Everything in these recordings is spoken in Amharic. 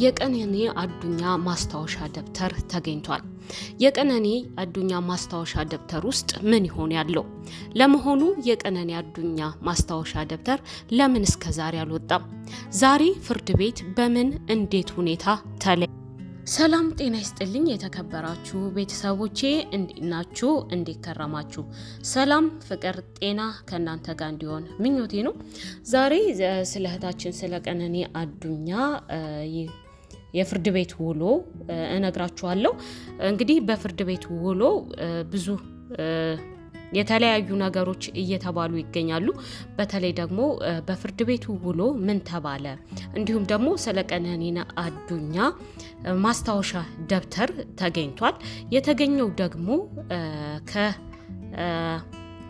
የቀነኒ አዱኛ ማስታወሻ ደብተር ተገኝቷል። የቀነኒ አዱኛ ማስታወሻ ደብተር ውስጥ ምን ይሆን ያለው? ለመሆኑ የቀነኒ አዱኛ ማስታወሻ ደብተር ለምን እስከ ዛሬ አልወጣም? ዛሬ ፍርድ ቤት በምን እንዴት ሁኔታ ተለ ሰላም ጤና ይስጥልኝ የተከበራችሁ ቤተሰቦቼ እንዴት ናችሁ? እንዴት ከረማችሁ? ሰላም ፍቅር፣ ጤና ከእናንተ ጋር እንዲሆን ምኞቴ ነው። ዛሬ ስለ እህታችን ስለ ቀነኒ አዱኛ የፍርድ ቤት ውሎ እነግራችኋለሁ። እንግዲህ በፍርድ ቤት ውሎ ብዙ የተለያዩ ነገሮች እየተባሉ ይገኛሉ። በተለይ ደግሞ በፍርድ ቤቱ ውሎ ምን ተባለ፣ እንዲሁም ደግሞ ስለ ቀነኒና አዱኛ ማስታወሻ ደብተር ተገኝቷል። የተገኘው ደግሞ ከ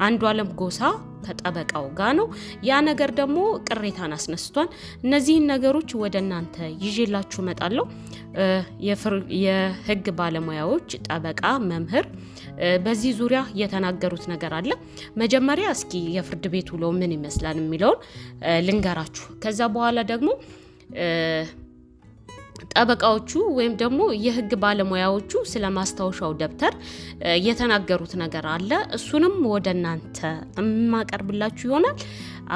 አንዷለም ጎሳ ከጠበቃው ጋር ነው። ያ ነገር ደግሞ ቅሬታን አስነስቷል። እነዚህን ነገሮች ወደ እናንተ ይዤላችሁ እመጣለሁ። የህግ ባለሙያዎች ጠበቃ፣ መምህር በዚህ ዙሪያ የተናገሩት ነገር አለ። መጀመሪያ እስኪ የፍርድ ቤት ውሎ ምን ይመስላል የሚለውን ልንገራችሁ። ከዛ በኋላ ደግሞ ጠበቃዎቹ ወይም ደግሞ የህግ ባለሙያዎቹ ስለ ማስታወሻው ደብተር የተናገሩት ነገር አለ። እሱንም ወደ እናንተ የማቀርብላችሁ ይሆናል።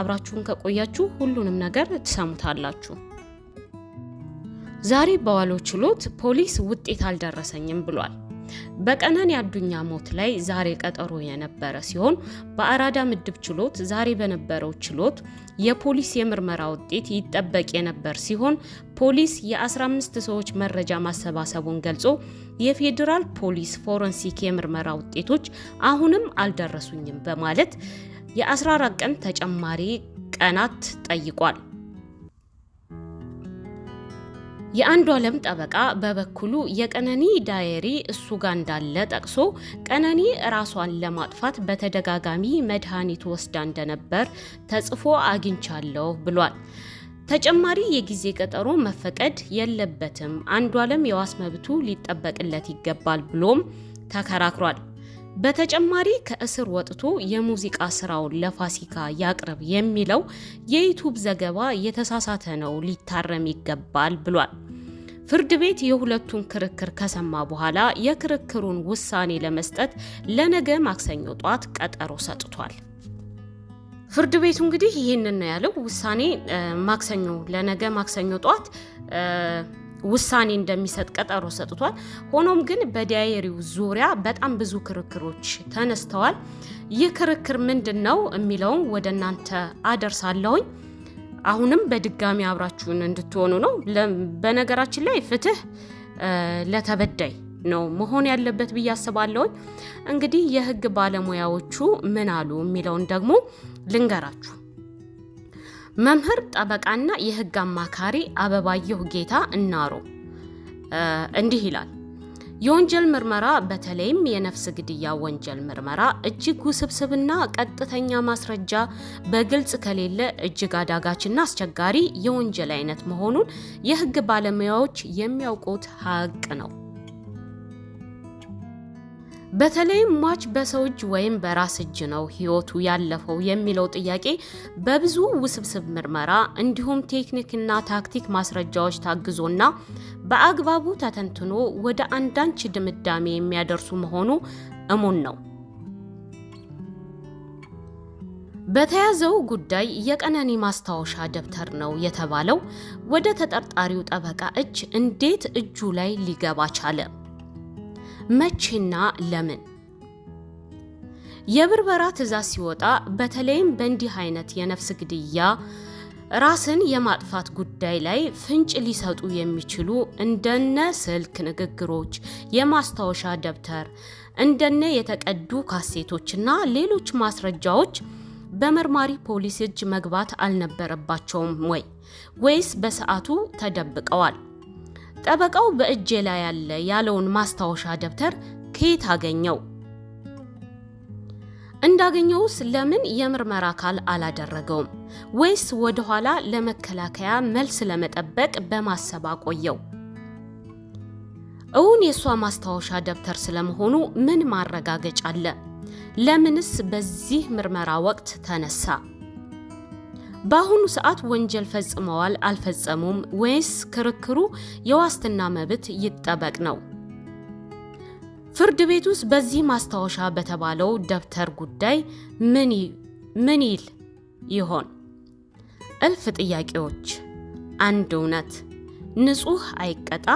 አብራችሁን ከቆያችሁ ሁሉንም ነገር ትሰሙታላችሁ። ዛሬ በዋለው ችሎት ፖሊስ ውጤት አልደረሰኝም ብሏል። በቀነኒ አዱኛ ሞት ላይ ዛሬ ቀጠሮ የነበረ ሲሆን በአራዳ ምድብ ችሎት ዛሬ በነበረው ችሎት የፖሊስ የምርመራ ውጤት ይጠበቅ የነበር ሲሆን ፖሊስ የ15 ሰዎች መረጃ ማሰባሰቡን ገልጾ የፌዴራል ፖሊስ ፎረንሲክ የምርመራ ውጤቶች አሁንም አልደረሱኝም በማለት የ14 ቀን ተጨማሪ ቀናት ጠይቋል። የአንዱ ዓለም ጠበቃ በበኩሉ የቀነኒ ዳየሪ እሱ ጋር እንዳለ ጠቅሶ ቀነኒ ራሷን ለማጥፋት በተደጋጋሚ መድኃኒት ወስዳ እንደነበር ተጽፎ አግኝቻለሁ ብሏል። ተጨማሪ የጊዜ ቀጠሮ መፈቀድ የለበትም፣ አንዱ ዓለም የዋስ መብቱ ሊጠበቅለት ይገባል ብሎም ተከራክሯል። በተጨማሪ ከእስር ወጥቶ የሙዚቃ ስራውን ለፋሲካ ያቅርብ የሚለው የዩቱብ ዘገባ የተሳሳተ ነው፣ ሊታረም ይገባል ብሏል። ፍርድ ቤት የሁለቱን ክርክር ከሰማ በኋላ የክርክሩን ውሳኔ ለመስጠት ለነገ ማክሰኞ ጧት ቀጠሮ ሰጥቷል። ፍርድ ቤቱ እንግዲህ ይህንን ነው ያለው። ውሳኔ ማክሰኞ ለነገ ማክሰኞ ጧት ውሳኔ እንደሚሰጥ ቀጠሮ ሰጥቷል። ሆኖም ግን በዳየሪው ዙሪያ በጣም ብዙ ክርክሮች ተነስተዋል። ይህ ክርክር ምንድን ነው የሚለውን ወደ እናንተ አደርሳለሁኝ። አሁንም በድጋሚ አብራችሁን እንድትሆኑ ነው። በነገራችን ላይ ፍትህ ለተበዳይ ነው መሆን ያለበት ብዬ አስባለሁኝ። እንግዲህ የህግ ባለሙያዎቹ ምን አሉ የሚለውን ደግሞ ልንገራችሁ። መምህር ጠበቃና የህግ አማካሪ አበባየሁ ጌታ እናሮ እንዲህ ይላል። የወንጀል ምርመራ በተለይም የነፍስ ግድያ ወንጀል ምርመራ እጅግ ውስብስብና ቀጥተኛ ማስረጃ በግልጽ ከሌለ እጅግ አዳጋችና አስቸጋሪ የወንጀል አይነት መሆኑን የሕግ ባለሙያዎች የሚያውቁት ሀቅ ነው። በተለይም ሟች በሰው እጅ ወይም በራስ እጅ ነው ህይወቱ ያለፈው የሚለው ጥያቄ በብዙ ውስብስብ ምርመራ እንዲሁም ቴክኒክና ታክቲክ ማስረጃዎች ታግዞና በአግባቡ ተተንትኖ ወደ አንዳንች ድምዳሜ የሚያደርሱ መሆኑ እሙን ነው። በተያዘው ጉዳይ የቀነኒ ማስታወሻ ደብተር ነው የተባለው ወደ ተጠርጣሪው ጠበቃ እጅ እንዴት እጁ ላይ ሊገባ ቻለ? መቼና ለምን? የብርበራ ትዕዛዝ ሲወጣ በተለይም በእንዲህ አይነት የነፍስ ግድያ ራስን የማጥፋት ጉዳይ ላይ ፍንጭ ሊሰጡ የሚችሉ እንደነ ስልክ ንግግሮች፣ የማስታወሻ ደብተር፣ እንደነ የተቀዱ ካሴቶችና ሌሎች ማስረጃዎች በመርማሪ ፖሊስ እጅ መግባት አልነበረባቸውም ወይ? ወይስ በሰዓቱ ተደብቀዋል? ጠበቃው በእጄ ላይ ያለ ያለውን ማስታወሻ ደብተር ከየት አገኘው? እንዳገኘውስ ለምን የምርመራ አካል አላደረገውም? ወይስ ወደኋላ ለመከላከያ መልስ ለመጠበቅ በማሰብ አቆየው? እውን የእሷ ማስታወሻ ደብተር ስለመሆኑ ምን ማረጋገጫ አለ? ለምንስ በዚህ ምርመራ ወቅት ተነሳ? በአሁኑ ሰዓት ወንጀል ፈጽመዋል አልፈጸሙም ወይስ ክርክሩ የዋስትና መብት ይጠበቅ ነው? ፍርድ ቤት ውስጥ በዚህ ማስታወሻ በተባለው ደብተር ጉዳይ ምን ይል ይሆን? እልፍ ጥያቄዎች። አንድ እውነት፣ ንጹህ አይቀጣ፣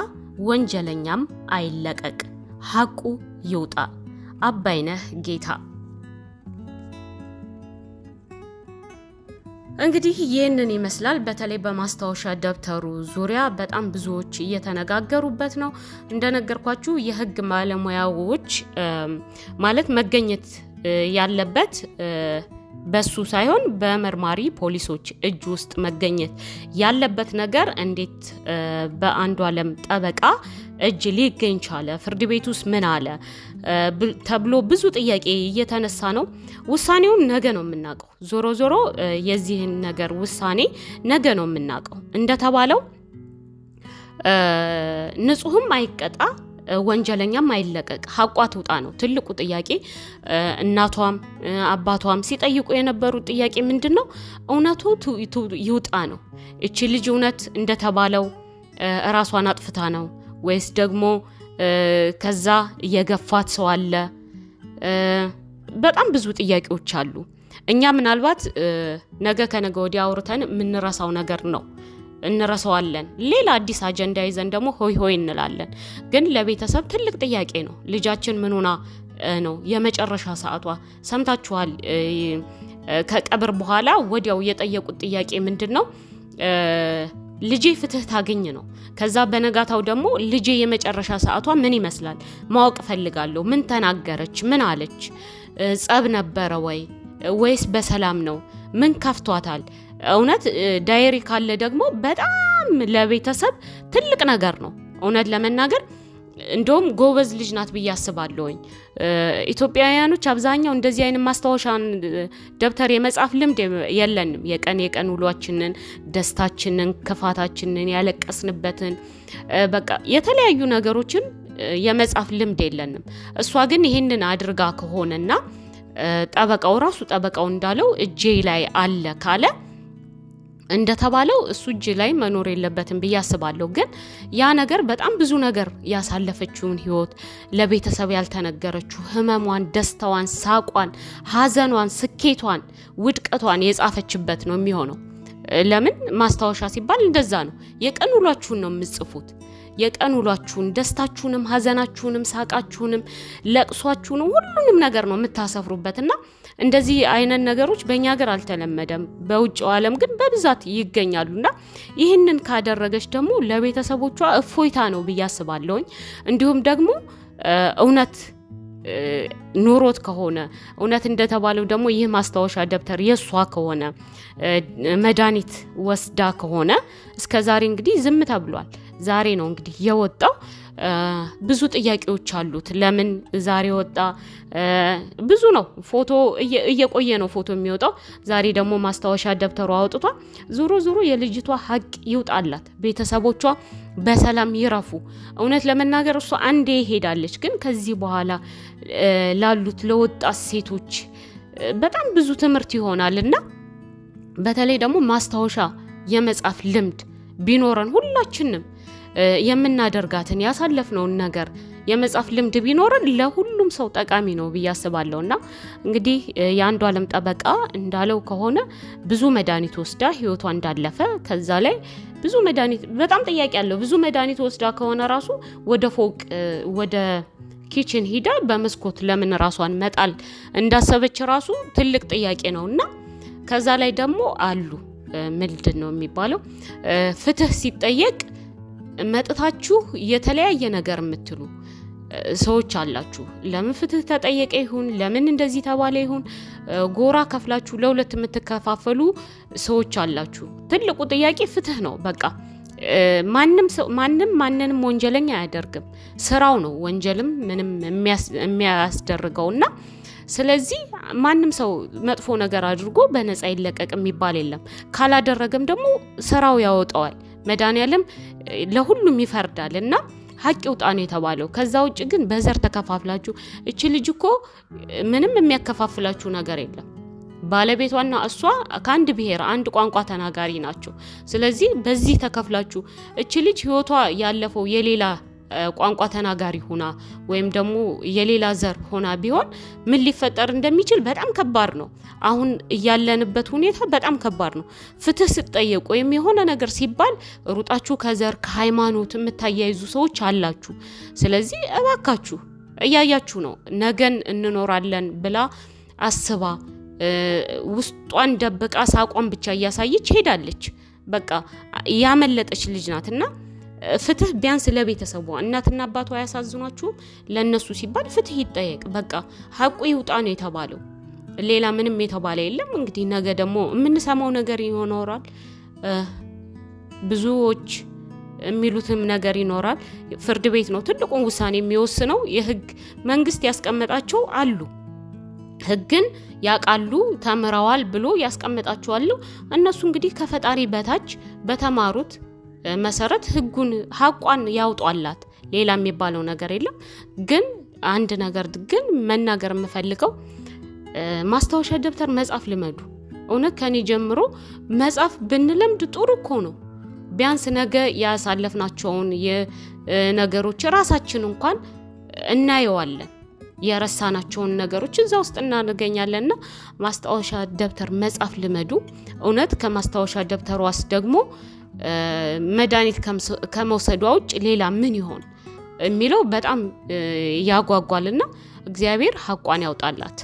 ወንጀለኛም አይለቀቅ፣ ሐቁ ይውጣ። አባይነህ ጌታ እንግዲህ ይህንን ይመስላል። በተለይ በማስታወሻ ደብተሩ ዙሪያ በጣም ብዙዎች እየተነጋገሩበት ነው። እንደነገርኳችሁ የህግ ባለሙያዎች ማለት መገኘት ያለበት በሱ ሳይሆን በመርማሪ ፖሊሶች እጅ ውስጥ መገኘት ያለበት ነገር እንዴት በአንዱ አለም ጠበቃ እጅ ሊገኝ ቻለ? ፍርድ ቤት ውስጥ ምን አለ? ተብሎ ብዙ ጥያቄ እየተነሳ ነው። ውሳኔውን ነገ ነው የምናውቀው። ዞሮ ዞሮ የዚህን ነገር ውሳኔ ነገ ነው የምናውቀው። እንደተባለው ንጹህም አይቀጣ ወንጀለኛም አይለቀቅ፣ ሀቋ ትውጣ ነው ትልቁ ጥያቄ። እናቷም አባቷም ሲጠይቁ የነበሩት ጥያቄ ምንድን ነው? እውነቱ ይውጣ ነው። እቺ ልጅ እውነት እንደተባለው እራሷን አጥፍታ ነው ወይስ ደግሞ ከዛ እየገፋት ሰው አለ? በጣም ብዙ ጥያቄዎች አሉ። እኛ ምናልባት ነገ ከነገ ወዲያ አውርተን የምንረሳው ነገር ነው። እንረሰዋለን ሌላ አዲስ አጀንዳ ይዘን ደግሞ ሆይ ሆይ እንላለን። ግን ለቤተሰብ ትልቅ ጥያቄ ነው። ልጃችን ምኑና ነው የመጨረሻ ሰዓቷ? ሰምታችኋል። ከቀብር በኋላ ወዲያው የጠየቁት ጥያቄ ምንድን ነው? ልጄ ፍትህ ታገኝ ነው። ከዛ በነጋታው ደግሞ ልጄ የመጨረሻ ሰዓቷ ምን ይመስላል ማወቅ ፈልጋለሁ ምን ተናገረች? ምን አለች? ጸብ ነበረ ወይ ወይስ በሰላም ነው? ምን ከፍቷታል? እውነት ዳይሪ ካለ ደግሞ በጣም ለቤተሰብ ትልቅ ነገር ነው። እውነት ለመናገር እንደውም ጎበዝ ልጅ ናት ብዬ አስባለሁኝ። ኢትዮጵያውያኖች አብዛኛው እንደዚህ አይነት ማስታወሻን ደብተር የመጻፍ ልምድ የለንም። የቀን የቀን ውሏችንን፣ ደስታችንን፣ ክፋታችንን፣ ያለቀስንበትን በቃ የተለያዩ ነገሮችን የመጻፍ ልምድ የለንም። እሷ ግን ይህንን አድርጋ ከሆነና ጠበቃው ራሱ ጠበቃው እንዳለው እጄ ላይ አለ ካለ እንደተባለው እሱ እጅ ላይ መኖር የለበትም ብዬ አስባለሁ። ግን ያ ነገር በጣም ብዙ ነገር ያሳለፈችውን ህይወት፣ ለቤተሰብ ያልተነገረችው ህመሟን፣ ደስታዋን፣ ሳቋን፣ ሀዘኗን ስኬቷን፣ ውድቀቷን የጻፈችበት ነው የሚሆነው። ለምን ማስታወሻ ሲባል እንደዛ ነው። የቀን ውሏችሁን ነው የምጽፉት። የቀን ውሏችሁን፣ ደስታችሁንም፣ ሀዘናችሁንም፣ ሳቃችሁንም፣ ለቅሷችሁንም ሁሉንም ነገር ነው የምታሰፍሩበት እና እንደዚህ አይነት ነገሮች በእኛ ሀገር አልተለመደም። በውጭው ዓለም ግን በብዛት ይገኛሉና ይህንን ካደረገች ደግሞ ለቤተሰቦቿ እፎይታ ነው ብዬ አስባለሁኝ። እንዲሁም ደግሞ እውነት ኑሮት ከሆነ እውነት እንደተባለው ደግሞ ይህ ማስታወሻ ደብተር የእሷ ከሆነ መድኃኒት ወስዳ ከሆነ እስከ ዛሬ እንግዲህ ዝም ተብሏል። ዛሬ ነው እንግዲህ የወጣው። ብዙ ጥያቄዎች አሉት። ለምን ዛሬ ወጣ? ብዙ ነው። ፎቶ እየቆየ ነው ፎቶ የሚወጣው። ዛሬ ደግሞ ማስታወሻ ደብተሩ አውጥቷል። ዞሮ ዞሮ የልጅቷ ሀቅ ይውጣላት፣ ቤተሰቦቿ በሰላም ይረፉ። እውነት ለመናገር እሷ አንዴ ሄዳለች፣ ግን ከዚህ በኋላ ላሉት ለወጣት ሴቶች በጣም ብዙ ትምህርት ይሆናል እና በተለይ ደግሞ ማስታወሻ የመጻፍ ልምድ ቢኖረን ሁላችንም የምናደርጋትን ያሳለፍነውን ነገር የመጻፍ ልምድ ቢኖረን ለሁሉም ሰው ጠቃሚ ነው ብዬ አስባለሁ። እና እንግዲህ የአንዱ አለም ጠበቃ እንዳለው ከሆነ ብዙ መድኃኒት ወስዳ ህይወቷ እንዳለፈ ከዛ ላይ ብዙ መድኃኒት በጣም ጥያቄ አለው። ብዙ መድኃኒት ወስዳ ከሆነ ራሱ ወደ ፎቅ ወደ ኪችን ሂዳ በመስኮት ለምን ራሷን መጣል እንዳሰበች ራሱ ትልቅ ጥያቄ ነው እና ከዛ ላይ ደግሞ አሉ ምንድን ነው የሚባለው ፍትህ ሲጠየቅ መጥታችሁ የተለያየ ነገር የምትሉ ሰዎች አላችሁ። ለምን ፍትህ ተጠየቀ ይሁን ለምን እንደዚህ ተባለ ይሁን ጎራ ከፍላችሁ ለሁለት የምትከፋፈሉ ሰዎች አላችሁ። ትልቁ ጥያቄ ፍትህ ነው። በቃ ማንም ሰው ማንም ማንንም ወንጀለኛ አያደርግም። ስራው ነው ወንጀልም ምንም የሚያስደርገው እና ስለዚህ ማንም ሰው መጥፎ ነገር አድርጎ በነፃ ይለቀቅ የሚባል የለም። ካላደረገም ደግሞ ስራው ያወጣዋል። መድኃኒዓለም ለሁሉም ይፈርዳል እና ሀቅ ውጣ ነው የተባለው። ከዛ ውጭ ግን በዘር ተከፋፍላችሁ እች ልጅ እኮ ምንም የሚያከፋፍላችሁ ነገር የለም። ባለቤቷና እሷ ከአንድ ብሔር አንድ ቋንቋ ተናጋሪ ናቸው። ስለዚህ በዚህ ተከፍላችሁ እች ልጅ ህይወቷ ያለፈው የሌላ ቋንቋ ተናጋሪ ሆና ወይም ደግሞ የሌላ ዘር ሆና ቢሆን ምን ሊፈጠር እንደሚችል በጣም ከባድ ነው። አሁን እያለንበት ሁኔታ በጣም ከባድ ነው። ፍትህ ስትጠየቁ ወይም የሆነ ነገር ሲባል ሩጣችሁ ከዘር ከሃይማኖት የምታያይዙ ሰዎች አላችሁ። ስለዚህ እባካችሁ እያያችሁ ነው። ነገን እንኖራለን ብላ አስባ ውስጧን ደብቃ ሳቋን ብቻ እያሳየች ሄዳለች። በቃ ያመለጠች ልጅ ናትና ፍትህ ቢያንስ ለቤተሰቧ እናትና አባቷ አያሳዝኗችሁም? ለእነሱ ሲባል ፍትህ ይጠየቅ። በቃ ሀቁ ይውጣ ነው የተባለው። ሌላ ምንም የተባለ የለም። እንግዲህ ነገ ደግሞ የምንሰማው ነገር ይኖራል። ብዙዎች የሚሉትም ነገር ይኖራል። ፍርድ ቤት ነው ትልቁን ውሳኔ የሚወስነው። የህግ መንግስት ያስቀመጣቸው አሉ ህግን ያውቃሉ ተምረዋል ብሎ ያስቀመጣቸዋሉ። እነሱ እንግዲህ ከፈጣሪ በታች በተማሩት መሰረት ህጉን ሀቋን ያውጧላት። ሌላ የሚባለው ነገር የለም። ግን አንድ ነገር ግን መናገር የምፈልገው ማስታወሻ ደብተር መጻፍ ልመዱ። እውነት ከኔ ጀምሮ መጻፍ ብንለምድ ጥሩ እኮ ነው። ቢያንስ ነገ ያሳለፍናቸውን ነገሮች ራሳችን እንኳን እናየዋለን። የረሳናቸውን ነገሮች እዛ ውስጥ እናገኛለንና ማስታወሻ ደብተር መጻፍ ልመዱ። እውነት ከማስታወሻ ደብተሯስ ደግሞ መድኃኒት ከመውሰዷ ውጭ ሌላ ምን ይሆን የሚለው በጣም ያጓጓልና እግዚአብሔር ሀቋን ያውጣላት።